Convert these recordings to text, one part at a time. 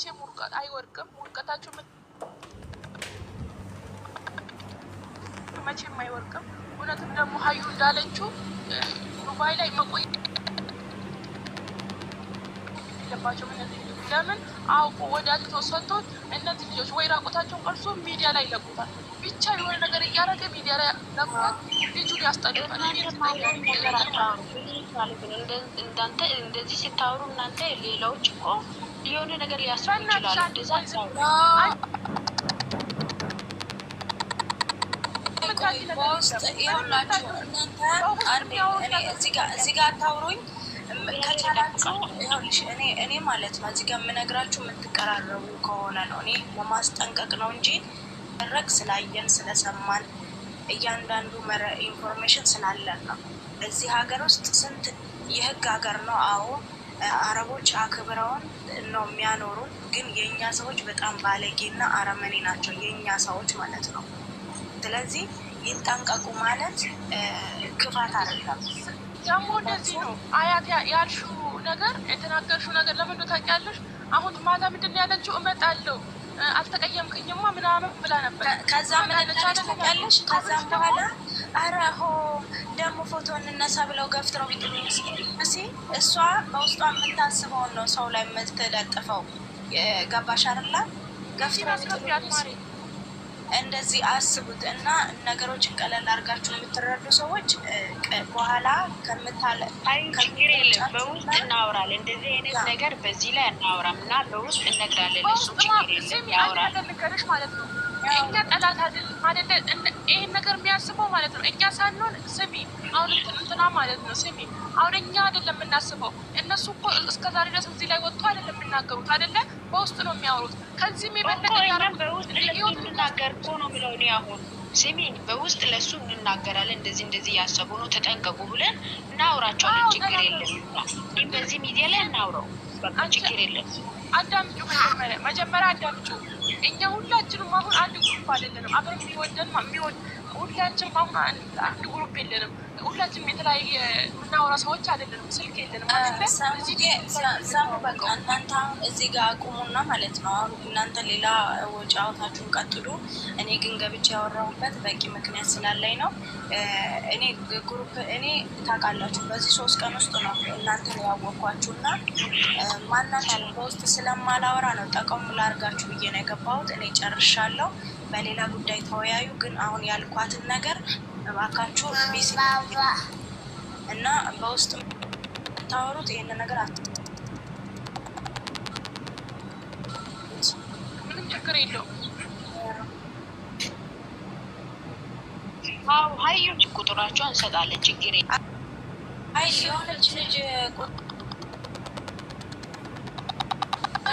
መቼም ውርቀት አይወርቅም። ውርቀታችሁ መቼም አይወርቅም። እውነትም ደግሞ ሀዩ እንዳለችው ዱባይ ላይ መቆየት የለባቸው እነዚህ ልጆች ለምን አውቆ ወዳጅቶ ሰጥቶት እነዚህ ልጆች ወይ ራቁታቸውን ቀርሶ ሚዲያ ላይ ይለቁታል። ብቻ የሆነ ነገር እያደረገ ሚዲያ ላይ ለቁታል። ልጁን ያስጠልፋል። እንዳንተ እንደዚህ እናንተ ሌላዎች እኮ የሆነ ነገር ሊያስብ ይችላል። እንደዛ እኔ ማለት ነው እዚህ ጋር የምነግራችሁ የምትቀራረቡ ከሆነ ነው። እኔ ለማስጠንቀቅ ነው እንጂ ረግ ስላየን ስለሰማን እያንዳንዱ ኢንፎርሜሽን ስላለን ነው። እዚህ ሀገር ውስጥ ስንት የህግ ሀገር ነው። አዎ አረቦች አክብረውን ነው የሚያኖሩን። ግን የእኛ ሰዎች በጣም ባለጌና አረመኔ ናቸው፣ የእኛ ሰዎች ማለት ነው። ስለዚህ ይጠንቀቁ ማለት ክፋት አይደለም። ደግሞ እንደዚህ ነው አያት ያልሽው ነገር የተናገርሽው ነገር ለምንድን ነው ታውቂያለሽ? አሁን ማታ ምንድን ነው ያለችው? እመጣለሁ አልተቀየምክኝማ ምናምን ብላ ነበር። ከዛ ምን ታውቂያለሽ? ከዛም በኋላ ኧረ ሆ ደግሞ ፎቶ እንነሳ ብለው ገፍትረው ቢጥሉስ እሷ በውስጧ የምታስበውን ነው ሰው ላይ የምትለጥፈው። ገባሽ አይደል? ገፍትረው እንደዚህ አስቡት እና ነገሮችን ቀለል አድርጋችሁ የምትረዱ ሰዎች በኋላ ከምታለ ችግር የለም። በውስጥ እናወራለን። እንደዚህ አይነት ነገር በዚህ ላይ እናወራም እና በውስጥ እነግራለን። እሱ ችግር የለም ያወራል ማለት ነው እኛ ጠላት አይደለ ይህን ነገር የሚያስበው ማለት ነው። እኛ ሳንሆን ስሚ፣ አሁን እንትና ማለት ነው። ስሚ፣ አሁን እኛ አይደለም የምናስበው። እነሱ እኮ እስከ ዛሬ ድረስ እዚህ ላይ ወጥቶ አይደለም የሚናገሩት አይደለ፣ በውስጥ ነው የሚያወሩት። ከዚህም የበለጠ በውስጥ እንደምንናገር እኮ ነው ብለው እኔ አሁን ስሚ በውስጥ ለሱ እንናገራለን። እንደዚህ እንደዚህ ያሰቡ ነው ተጠንቀቁ ብለን እናውራቸዋለን። ችግር የለም። በዚህ ሚዲያ ላይ እናውረው ችግር የለም። አዳምጩ፣ መጀመሪያ አዳምጩ። እኛ ሁላችንም አሁን አንድ ግሩፕ አይደለንም። አብረን የሚወደን የሚወድ ሁላችንም አሁን አንድ ግሩፕ የለንም። ሁላችንም የተለያየ የምናወራ ሰዎች አይደለንም። ስልክ የለንም። እናንተ እዚህ ጋር አቁሙና ማለት ነው። አሁን እናንተ ሌላ ወጪ ቀጥሉ። እኔ ግን ገብቼ ያወራሁበት በቂ ምክንያት ስላለኝ ነው። እኔ ግሩፕ እኔ ታውቃላችሁ፣ በዚህ ሶስት ቀን ውስጥ ነው እናንተ ያወቅኳችሁ ማናታን በውስጥ ስለማላወራ ነው ጠቀሙ ላርጋችሁ ብዬ ነው የገባሁት። እኔ ጨርሻለሁ። በሌላ ጉዳይ ተወያዩ። ግን አሁን ያልኳትን ነገር እባካችሁ ቢሲ እና በውስጥ ታወሩት ይህንን ነገር አት ምንም ችግር የለው። ሀዩ ቁጥራቸው እንሰጣለን። ችግር የለ። አይ የሆነች ልጅ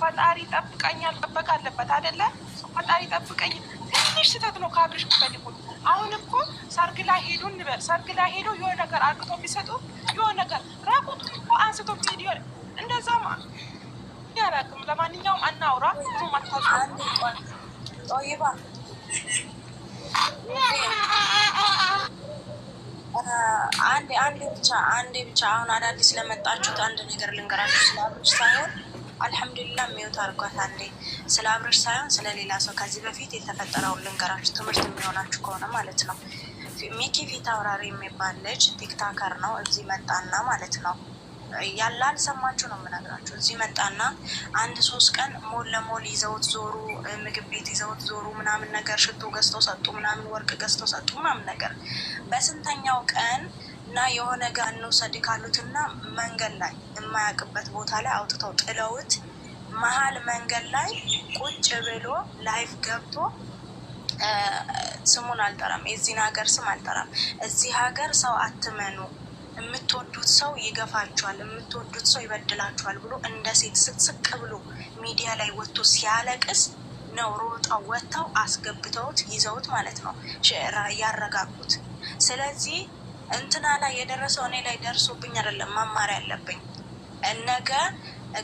ፈጣሪ ጠብቀኛል። ጠበቃ አለበት አይደለ? ፈጣሪ ጠብቀኝ። ትንሽ ስህተት ነው ከአብርሽ የሚፈልጉት። አሁን እኮ ሰርግ ላይ ሄዱ እንበል፣ ሰርግ ላይ ሄዶ የሆነ ነገር አርግቶ የሚሰጡ የሆነ ነገር ራቁቱ እኮ አንስቶ ሚሄድ ሆነ እንደዛም ያላቅም። ለማንኛውም አናውራ ብዙ ማታጅ ጦይባ አንድ አንድ ብቻ አንድ ብቻ አሁን አዳዲስ ለመጣችሁት አንድ ነገር ልንገራችሁ። ስለ አብርሽ ሳይሆን አልሐምዱሊላ የሚወት አድርጓት። አንዴ ስለ አብርሽ ሳይሆን ስለ ሌላ ሰው ከዚህ በፊት የተፈጠረውን ልንገራችሁ፣ ትምህርት የሚሆናችሁ ከሆነ ማለት ነው። ሚኪ ፊት አውራሪ የሚባል ልጅ ቲክታከር ነው። እዚህ መጣና ማለት ነው ያለ አልሰማችሁ ነው የምነግራቸው። እዚህ መጣና አንድ ሶስት ቀን ሞል ለሞል ይዘውት ዞሩ፣ ምግብ ቤት ይዘውት ዞሩ ምናምን ነገር፣ ሽቶ ገዝተው ሰጡ ምናምን፣ ወርቅ ገዝተው ሰጡ ምናምን ነገር። በስንተኛው ቀን እና የሆነ ጋ እንውሰድ ካሉትና መንገድ ላይ የማያውቅበት ቦታ ላይ አውጥተው ጥለውት መሀል መንገድ ላይ ቁጭ ብሎ ላይፍ ገብቶ ስሙን አልጠራም፣ የዚህን ሀገር ስም አልጠራም። እዚህ ሀገር ሰው አትመኑ የምትወዱት ሰው ይገፋችኋል፣ የምትወዱት ሰው ይበድላችኋል ብሎ እንደ ሴት ስቅስቅ ብሎ ሚዲያ ላይ ወጥቶ ሲያለቅስ ነው ሮጣው ወጥተው አስገብተውት ይዘውት ማለት ነው ያረጋጉት። ስለዚህ እንትና ላይ የደረሰው እኔ ላይ ደርሶብኝ አይደለም መማር ያለብኝ ነገ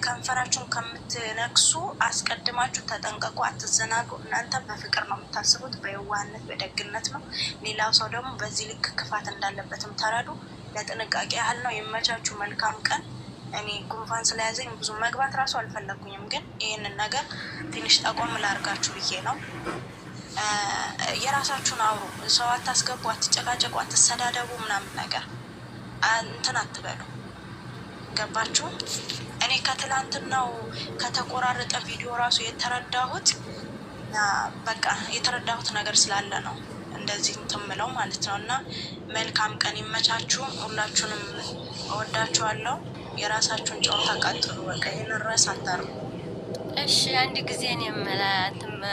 ከንፈራችሁን ከምትነክሱ አስቀድማችሁ ተጠንቀቁ፣ አትዘናጉ። እናንተ በፍቅር ነው የምታስቡት፣ በየዋህነት በደግነት ነው። ሌላው ሰው ደግሞ በዚህ ልክ ክፋት እንዳለበትም ተረዱ። ለጥንቃቄ ያህል ነው። የመቻችሁ። መልካም ቀን። እኔ ጉንፋን ስለያዘኝ ብዙ መግባት እራሱ አልፈለጉኝም፣ ግን ይህንን ነገር ትንሽ ጠቆም ላርጋችሁ ብዬ ነው። የራሳችሁን አውሩ። ሰው አታስገቡ፣ አትጨቃጨቁ፣ አትሰዳደቡ፣ ምናምን ነገር እንትን አትበሉ። ገባችሁ? እኔ ከትላንትናው ከተቆራረጠ ቪዲዮ ራሱ የተረዳሁት በቃ የተረዳሁት ነገር ስላለ ነው። እንደዚህ ትምለው ማለት ነው። እና መልካም ቀን ይመቻችሁ። ሁላችሁንም እወዳችኋለሁ። የራሳችሁን ጨዋታ ቀጥሉ። በቃ ይህንን ረስ አታርጉ። እሺ አንድ ጊዜ እኔም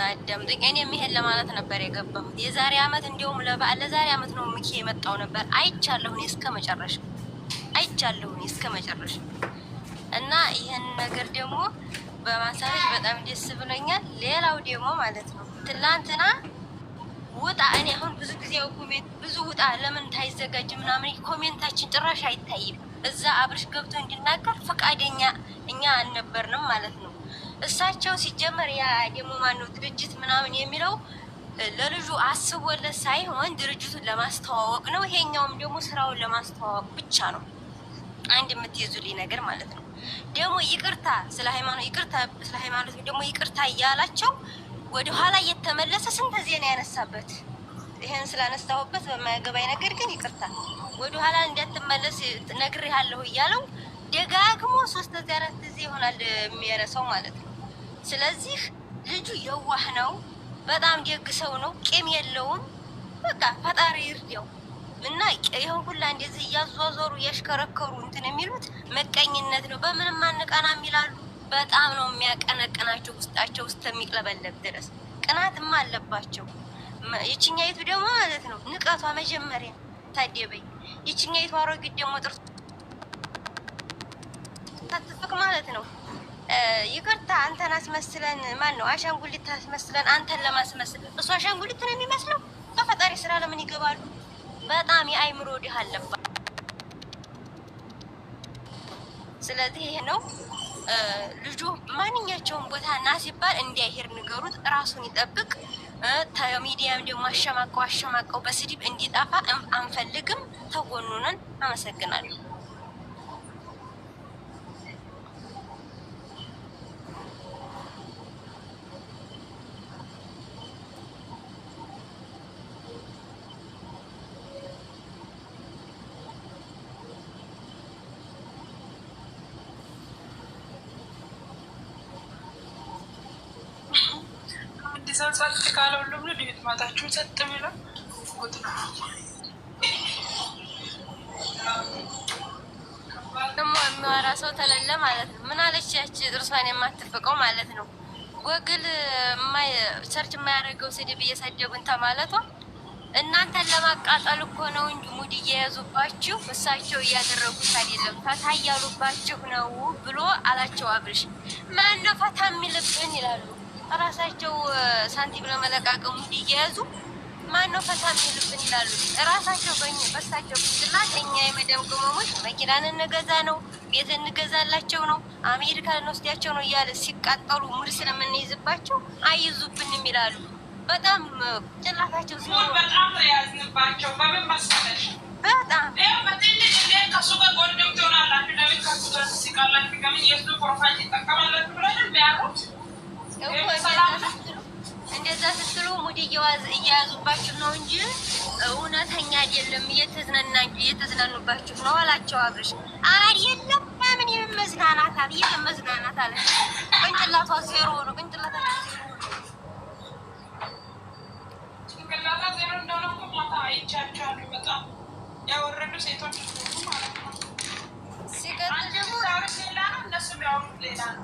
አዳምጠኝ። እኔም ይሄን ለማለት ነበር የገባሁት። የዛሬ አመት እንዲሁም ለበዓል ለዛሬ አመት ነው ምኪ የመጣው ነበር። አይቻለሁ አይቻለሁን እስከ መጨረሻ አይቻለሁን እስከ መጨረሻ እና ይህን ነገር ደግሞ በማሳየት በጣም ደስ ብሎኛል። ሌላው ደግሞ ማለት ነው ትላንትና ውጣ። እኔ አሁን ብዙ ጊዜ ኮሜንት ብዙ ውጣ፣ ለምን ታይዘጋጅ ምናምን ኮሜንታችን ጭራሽ አይታይም። እዛ አብርሽ ገብቶ እንዲናገር ፈቃደኛ እኛ አልነበርንም ማለት ነው። እሳቸው ሲጀመር ያ ደግሞ ማነው ድርጅት ምናምን የሚለው ለልጁ አስቦለት ሳይሆን ድርጅቱን ለማስተዋወቅ ነው። ይሄኛውም ደግሞ ስራውን ለማስተዋወቅ ብቻ ነው። አንድ የምትይዙልኝ ነገር ማለት ነው። ደግሞ ይቅርታ ስለ ሃይማኖት ይቅርታ ስለ ሃይማኖት ደግሞ ይቅርታ እያላቸው ወደ ኋላ እየተመለሰ ስንት ዜና ያነሳበት። ይሄን ስላነሳሁበት በማያገባኝ ነገር ግን ይቅርታ፣ ወደ ኋላ እንዳትመለስ ነግሬሃለሁ እያለው ደጋግሞ ሶስት ጊዜ አራት ጊዜ ይሆናል የሚያረሰው ማለት ነው። ስለዚህ ልጁ የዋህ ነው፣ በጣም ደግ ሰው ነው፣ ቂም የለውም። በቃ ፈጣሪ ይርዳው እና ይህን ሁላ እንደዚህ እያዟዟሩ እያሽከረከሩ እንትን የሚሉት መቀኝነት ነው። በምንም አንቀናም ይላሉ። በጣም ነው የሚያቀነቅናቸው ውስጣቸው ውስጥ የሚቅለበለብ ድረስ ቅናትማ አለባቸው። ይችኛይቱ ደግሞ ማለት ነው ንቀቷ መጀመሪያ ታደበኝ። ይችኛይቱ አሮጊት ደግሞ ጥርሱ ታትፍቅ ማለት ነው። ይቅርታ አንተን አስመስለን ማን ነው አሻንጉሊት አስመስለን አንተን ለማስመስል እሱ አሻንጉሊት ነው የሚመስለው። በፈጣሪ ስራ ለምን ይገባሉ? በጣም የአይምሮ ድህ አለባት። ስለዚህ ይሄ ነው ልጁ ማንኛቸውን ቦታ ና ሲባል እንዲያሄድ ንገሩት። ራሱን ይጠብቅ። ሚዲያም ደግሞ አሸማቀው አሸማቀው በስድብ እንዲጠፋ አንፈልግም። ተጎኑነን። አመሰግናለሁ። ማታችሁ ሰጥ ብሎ ደግሞ የሚወራ ሰው ተለለ ማለት ነው። ምን አለች ያች ጥርሷን የማትፍቀው ማለት ነው። ጎግል ሰርች የማያደርገው ስድብ እየሰደቡን ተማለቷ። እናንተን ለማቃጠል እኮ ነው እንጂ ሙድ እየያዙባችሁ እሳቸው እያደረጉት አይደለም፣ ፈታ እያሉባችሁ ነው ብሎ አላቸው። አብርሽ ማነው ፈታ የሚልብን ይላሉ እራሳቸው ሳንቲም ለመለቃቀሙ እንዲያያዙ ማን ነው ፈታ የሚሉብን ይላሉ። እራሳቸው በሳቸው ብስላት እኛ የመደም ቅመሞች መኪናን እንገዛ ነው ቤት እንገዛላቸው ነው አሜሪካ እንወስዳቸው ነው እያለ ሲቃጠሉ ሙድ ስለምንይዝባቸው አይዙብንም ይላሉ። በጣም ጭላታቸው ሲሆን በጣም ያዝንባቸው በምን መሰለሽ በጣም ከሱ ጋር ጎንደም ትሆናላችሁ ለቤት ከሱ ጋር ሲቃላችሁ ከምን የሱ ፕሮፋይል ይጠቀማላችሁ ብለን ቢያሩት እንደዛ ስትሉ ሙድ እየያዙባችሁ ነው እንጂ እውነተኛ አይደለም። እየተዝናኑባችሁ ነው አላቸው። አብርሽ አይደለም ምን የመዝናናት አለ የመዝናናት አለ። ቅንጭላቷ ዜሮ ነው ቅንጭላቷ ሲቀጥል ሌላ ነው እነሱ የሚያወሩት ሌላ ነው።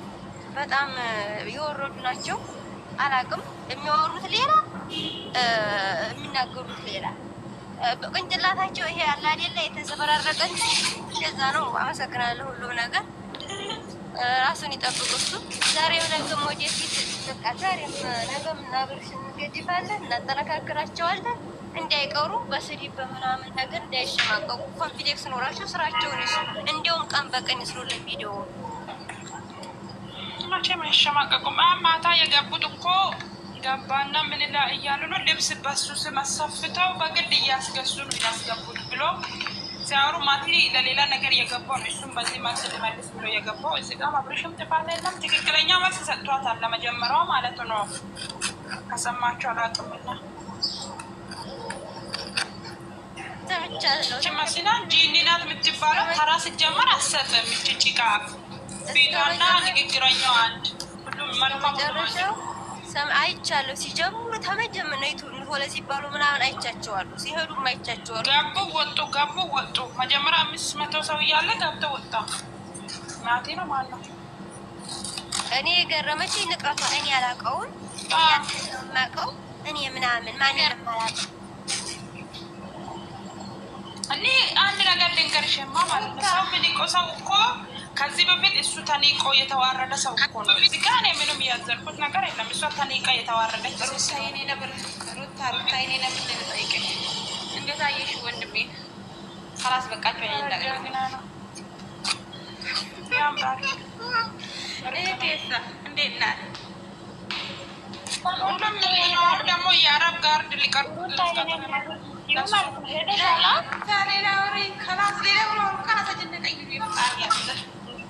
በጣም የወረዱ ናቸው። አላቅም የሚያወሩት ሌላ የሚናገሩት ሌላ በቅንጭላታቸው ይሄ ያለ አይደለ የተዘበራረቀ እንደዛ ነው። አመሰግናለሁ። ሁሉም ነገር ራሱን ይጠብቅ። እሱ ዛሬም ነገም ወደፊት በቃ ዛሬም ነገም እናብርሽ እንገድፋለን፣ እናጠነካክራቸዋለን እንዳይቀሩ በስድብ በምናምን ነገር እንዳይሸማቀቁ ኮንፊደንስ ኖራቸው ስራቸውን ይስሩ። እንዲያውም ቀን በቀን ይስሩልን ቪዲዮ መቼም አይሸማቀቁም። ማታ የገቡት እኮ ገባና ምን ላ እያሉ ነው። ልብስ በሱ ስም አሰፍተው በግል እያስገሱ ነው እያስገቡት ብሎ ሲያወሩ ማቲ ለሌላ ነገር እየገባው ነው። እሱም በዚህ መልስ ልመልስ ብሎ እየገባው እዚህ ጋር አብርሽም ጥፋት የለም። ትክክለኛ መልስ ሰጥቷታል። ለመጀመሪያው ማለት ነው። ከሰማችሁ አላቅምና ችማሲና ጂኒናት ናት የምትባለው ተራ ስትጀምር አሰጥም ጭጭቃ ቤቷና ንግግራኛው አንድ ሁሉም መልካም አይቻለሁ። ሲጀምሩ ተመጀመሪያ ሆነ ሲባሉ ምናምን አይቻቸዋለሁ። ሲሄዱም አይቻቸዋለሁ። ገቡ ወጡ፣ ገቡ ወጡ። መጀመሪያ አምስት መቶ ሰው እያለ ገብተ ወጣ። እናቴ ነው ማለት እኔ የገረመች ንቀቷ እኔ ያላቀውን ማቀው እኔ ምናምን ማንንም አላውቅም። እኔ አንድ ነገር ድንገርሽማ ማለት ነው ሰው ምንቆ ሰው እኮ ከዚህ በፊት እሱ ተኒቆ የተዋረደ ሰው እኮ ነው። እዚህ ጋር እኔ ምንም እያዘርኩት ነገር የለም። እሷ ተኒቃ የተዋረደች ሩታይኔ ነበር። ሩታይኔ ነበር ጠይቀ እንዴት አየሽ ወንድሜ? ከራስ በቃቸው ያምራል። እንዴት ናት? ሁሉም ደግሞ የአረብ ጋርድ ሊቀርቡ ሌላ ሌላ ሌላ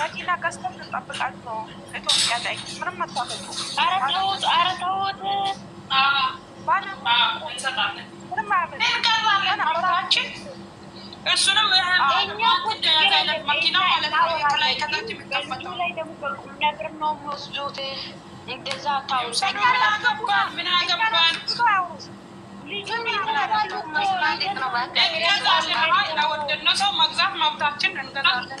መኪና ከስተም ትጠብቃቸው ኢትዮጵያ ላይ ምንም አታመጡ። ኧረ ተውት፣ ሰው መግዛት መብታችን እንገዛለን።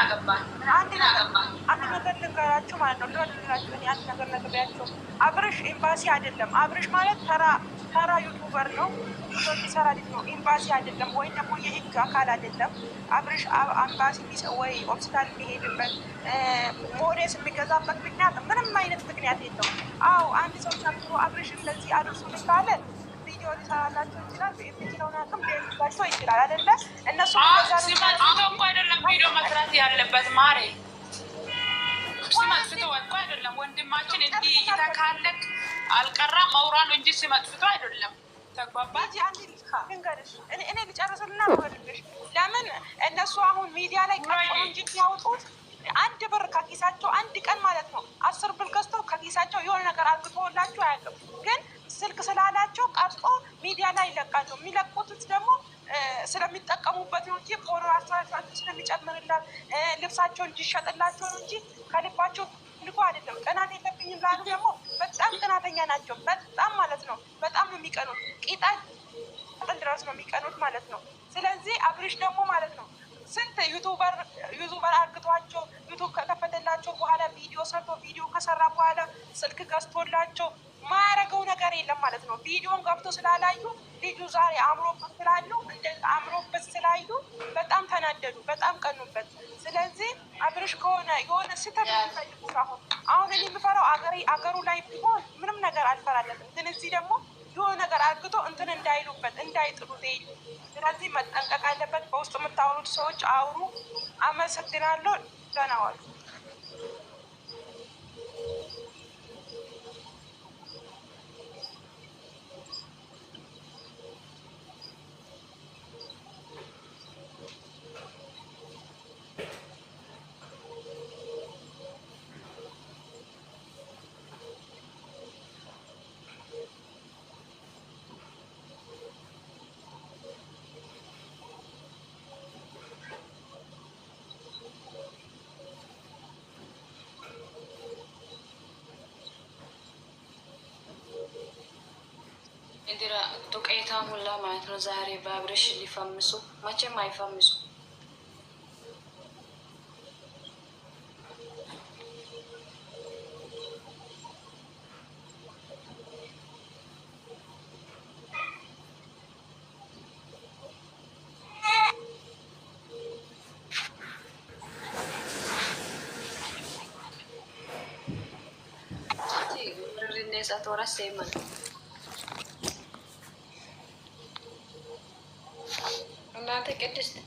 አንድ ነገር ልንገራችሁ ማለት ነው። እንደው ልንገራችሁ እኔ አንድ ነገር ለገበያቸው አብርሽ ኤምባሲ አይደለም። አብርሽ ማለት ተራ ተራ ዩቱበር ነው። የሚሰራ ልጅ ነው። ኤምባሲ አይደለም ወይም ደግሞ የህግ አካል አይደለም። አብርሽ አምባሲ ወይ ሆስፒታል የሚሄድበት ሞዴስ የሚገዛበት ምክንያት ምንም አይነት ምክንያት የለውም። አዎ አንድ ሰው ሰምቶ አብርሽ እንደዚህ አድርሱ ካለ ቪዲዮ ሊሰራላቸው ይችላል። የሚችለውን ይችላል። አይደለ እነሱ ሲመጥቶ እኮ አይደለም ቪዲዮ መስራት ያለበት ማሬ፣ ሲመጥፍቶ እኮ አይደለም ወንድማችን፣ እንዲህ እይታ ካለክ አልቀራ መውራኑ እንጂ ሲመጥፍቶ አይደለም። ተግባባች። እኔ ልጨርስልና ወልሽ ለምን እነሱ አሁን ሚዲያ ላይ ቀጥሎ እንጂ ሲያወጡት አንድ ብር ከኪሳቸው አንድ ቀን ማለት ነው አስር ብር ገዝተው ከኪሳቸው የሆነ ነገር አግቶላቸው አያለው ስልክ ስላላቸው ቀርጾ ሚዲያ ላይ ይለቃሉ። የሚለቁትት ደግሞ ስለሚጠቀሙበት ነው እንጂ ፖሮ አስተያየታቸው ስለሚጨምርላት ልብሳቸው እንዲሸጥላቸው ነው እንጂ ከልባቸው ልኮ አይደለም። ቅናት የለብኝም ላሉ ደግሞ በጣም ቅናተኛ ናቸው። በጣም ማለት ነው። በጣም ነው የሚቀኑት። ቂጣ ድረስ ነው የሚቀኑት ማለት ነው። ስለዚህ አብሪሽ ደግሞ ማለት ነው ስንት ዩቱበር ዩቱበር አርግቷቸው ዩቱብ ከከፈተላቸው በኋላ ቪዲዮ ሰርቶ ቪዲዮ ከሰራ በኋላ ስልክ ገዝቶላቸው ማያረገው ነገር የለም ማለት ነው። ቪዲዮን ገብቶ ስላላዩ ልጁ ዛሬ አምሮበት ስላሉ አምሮበት ስላዩ በጣም ተናደዱ፣ በጣም ቀኑበት። ስለዚህ አብርሽ ከሆነ የሆነ ስህተት የሚፈልጉ አሁን አሁን እኔ የምፈራው አገሩ ላይ ቢሆን ምንም ነገር አልፈራለትም፣ ግን እዚህ ደግሞ የሆነ ነገር አርግቶ እንትን እንዳይሉበት እንዳይጥሉ እንዳይጥሉት። ስለዚህ መጠንቀቅ አለበት። በውስጥ የምታወሩት ሰዎች አውሩ። አመሰግናለሁ። ደህና ዋሉ። እንዲራ ዱቄታ ሁላ ማለት ነው። ዛሬ በአብረሽ ሊፈምሱ መቼም አይፈምሱ። ሴ get this